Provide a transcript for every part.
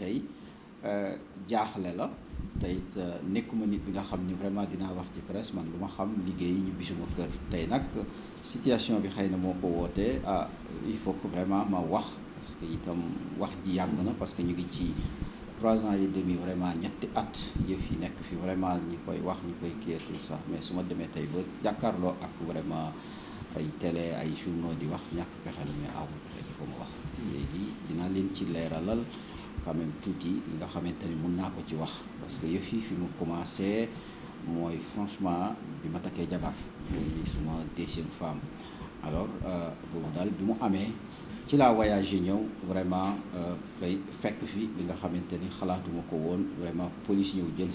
tey euh, jaaxle la tey it euh, nekkuma nit bi nga xam ni vraiment dinaa wax ci presse man lu ma xam liggéey ñu bisuma kër tey nag situation bi xëy na moo ko wootee ah, il faut que vraiment ma wax parce que itam wax ji yàgg na parce que ñu ngi ci trois ans et demi vraiment ñetti at yëf yi nekk fi vraiment ñi koy wax ñi koy kii tout mais su ma demee tey ba jàkkaarloo ak vraiment ay télé ay journaux di wax ñàkk pexe la aw pexe il faut ma dinaa leen ci leeralal quand même dit, nga parce que yëf fi mu commencé franchement bi suma deuxième femme alors euh, boobu daal voyage vraiment euh, fay fekk fi nga ko vraiment police ñëw jël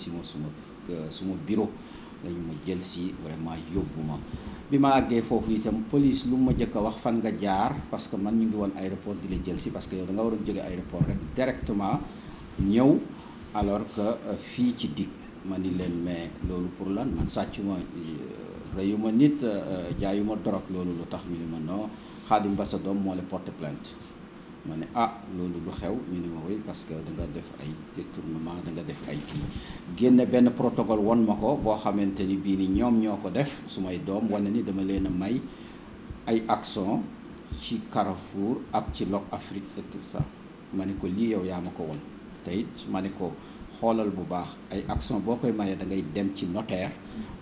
euh, suma bureau dañ ma jël si vraiment yóbbu ma bi ma àggee foofu itam police lu ma njëkk a wax fan nga jaar parce que man ñu ngi woon aéroport di la jël si parce que yow da nga waroon jóge aéroport rek directement ñëw alors que euh, fii ci dig ma ni leen mais loolu pour lan man sàccuma euh, reyuma nit euh, jaayuma dorog loolu lu tax ñu ne ma non Xaadim Basa doom moo la porte plainte ma ne ah loolu lu xew ñu ne ma woy parce que da nga def ay détournement da nga def ay kii génne benn protocole won ma ko boo xamante ni bii ni ñoom ñoo ko def su may doom wane ni dama leen a may ay action ci Carrefour ak ci Log Afrique et sax ma ne ko lii yow yaa ma ko won te it ma ne ko xoolal bu baax ay action boo koy mayee da ngay dem ci notaire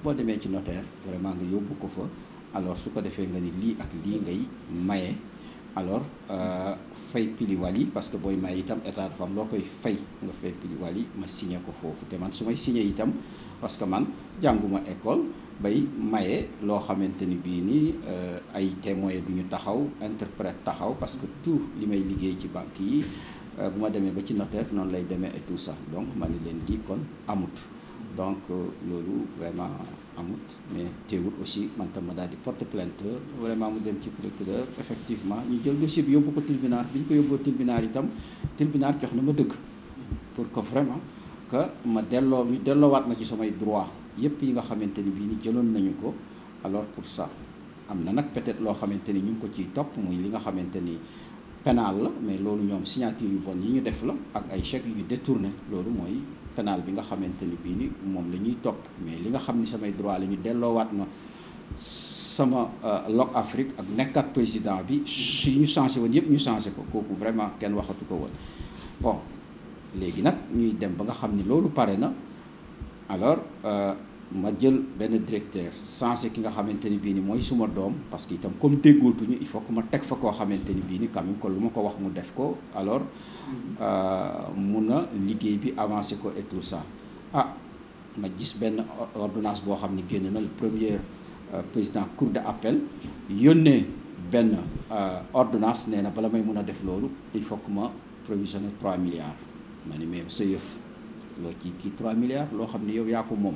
boo demee ci notaire vraiment nga yóbbu ko fa alors su ko defee nga ni lii ak lii ngay maye alors euh, fay piliwal yi parce que booy may itam état dafa am loo koy fay nga fay piliwal yi ma signé ko foofu te man su may signé itam parce que man jànguma école bay maye loo xamante ni bii nii euh, ay témoin du ñu taxaw interpret taxaw parce que tout li may liggéey ci banque yi euh, bu ma demee ba ci notaire noonu lay demee et tout donc ma ni leen lii kon amut donc euh, loolu vraiment amout mais teewul aussi man tam ma daal di porte plainte vraiment mu dem ci procureur effectivement ñu jël dossier bi yóbbu ko tribunal bi ñu ko yóbboo tribunal itam tribunal jox na ma dëgg pour que vraiment que ma delloo ñu delloowaat ma ci samay droit yépp yi nga xamante ni bii ni jëloon nañu ko alors pour ça amna nak peut-être lo xamanteni ñu ko ci top muy li nga xamanteni pénal la mais lolu ñom signature yu bon yi ñu def la ak ay chèques yu détourné lolu moy pénal bi nga xamante ni bii ni moom la ñuy topp mais li nga xam ni samay droit la ñu waat ma sama euh, log Afrique ak nekkaat président bi si ñu changé woon yëpp ñu changé ko kooku vraiment kenn waxatu ko woon bon léegi nag ñuy dem ba nga xam ni loolu pare na alors euh, ma jël benn directeur sensé ki nga xamante ni bii ni mooy suma doom parce que itam comme déggootuñu il faut que ma teg fa koo xamante ni bii ni quand même kon lu ma ko wax mu def ko alors euh, mun a liggéey bi avancé ko et tout ça ah ma gis benn ordonnance boo xam ne génn na le premier euh, président cour d'appel yónnee benn euh, ordonnance nee na bala may mun a def loolu il faut que ma provisionné 3 milliards ma ni mais sa yëf loo ci kii 3 milliards loo xam ne yow yaa ko moom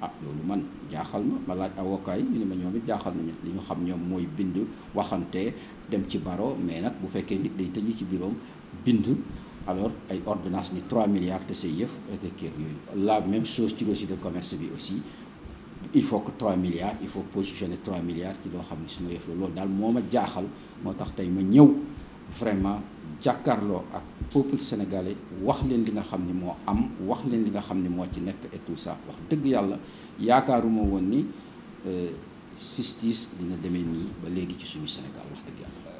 ah loolu man jaaxal na ma laaj avocat yi ñu ne ma ñoom jaaxal jaaxal nañu li ñu xam ñoom mooy bind waxante dem ci baro mais nag bu fekkee nit day tëju ci biroom bind alors ay ordonnance ni 3 milliards de say yëf kër yooyu la même chose ci registre de commerce bi aussi il faut que 3 milliards il faut positionner 3 milliards ci loo xam ni suma yëf la loolu daal moo ma jaaxal moo tax tey ma ñëw vraiment jàkkaarloo ak peuple sénégalais wax leen li nga xam ni moo am wax leen li nga xam ni moo ci nekk et tout ça wax dëgg yàlla yaakaaruma woon ni sistis euh, dina demee nii ba léegi ci suñu Sénégal wax dëgg yàlla.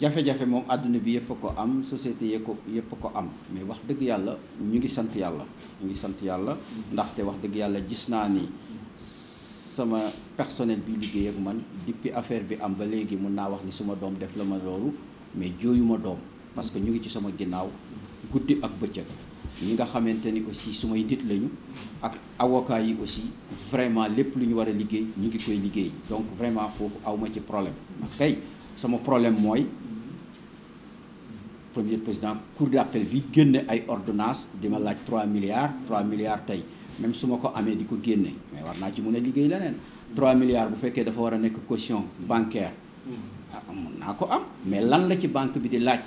jafe-jafe moom àdduna bi yëpp ko am société yee ko yëpp ko am mais wax dëgg yàlla ñu ngi sant yàlla ñu ngi sant yàlla ndaxte wax dëgg yàlla gis naa ni sama personnel bi liggéey ak man depuis affaire bi am ba léegi mun naa wax ni suma doom def la ma loolu mais joyuma dom parce que ñu ngi ci sama ginnaw guddi ak beccëk ñi nga xamante ni aussi sumay nit lañu ak avocat yi aussi vraiment lepp lu ñu wara a liggéey ñu ngi koy liggéey donc vraiment fofu awma ci problème kay sama problème mooy premier président cour d'appel vi gënne ay ordonnance dima ma laaj 3 milliards 3 milliards tay même su ma ko amee di ko mais war na ci mën a liggéey leneen 3 milliards bu féké dafa wara nek caution bancaire mun naa ko am mais lan la ci banque bi di laaj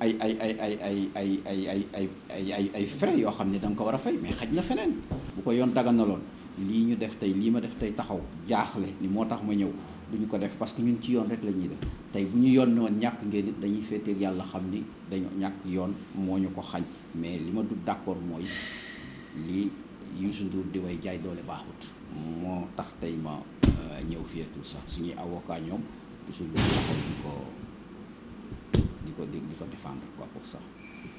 ay ay ay ay ay ay ay ay ay ay ay ay frais yoo xam ne da nga ko war a fay mais xaj na feneen bu ko yoon dagal na lool lii ñu def tey lii ma def tey taxaw jaaxle ni moo tax ma ñëw duñu ko def parce que ñun ci yoon rek la ñuy def tey bu ñu yoon woon ñàkk ngeen it dañuy féeteeg yàlla xam ni dañu ñàkk yoon moo ñu ko xañ mais li ma du d'accord mooy lii Youssou Ndour di way jaay doole baaxut moo tax tey ma ñëw fiyetul sax suñuy avocat ñoom di suñu loxo ko di ko di ko défendre quoi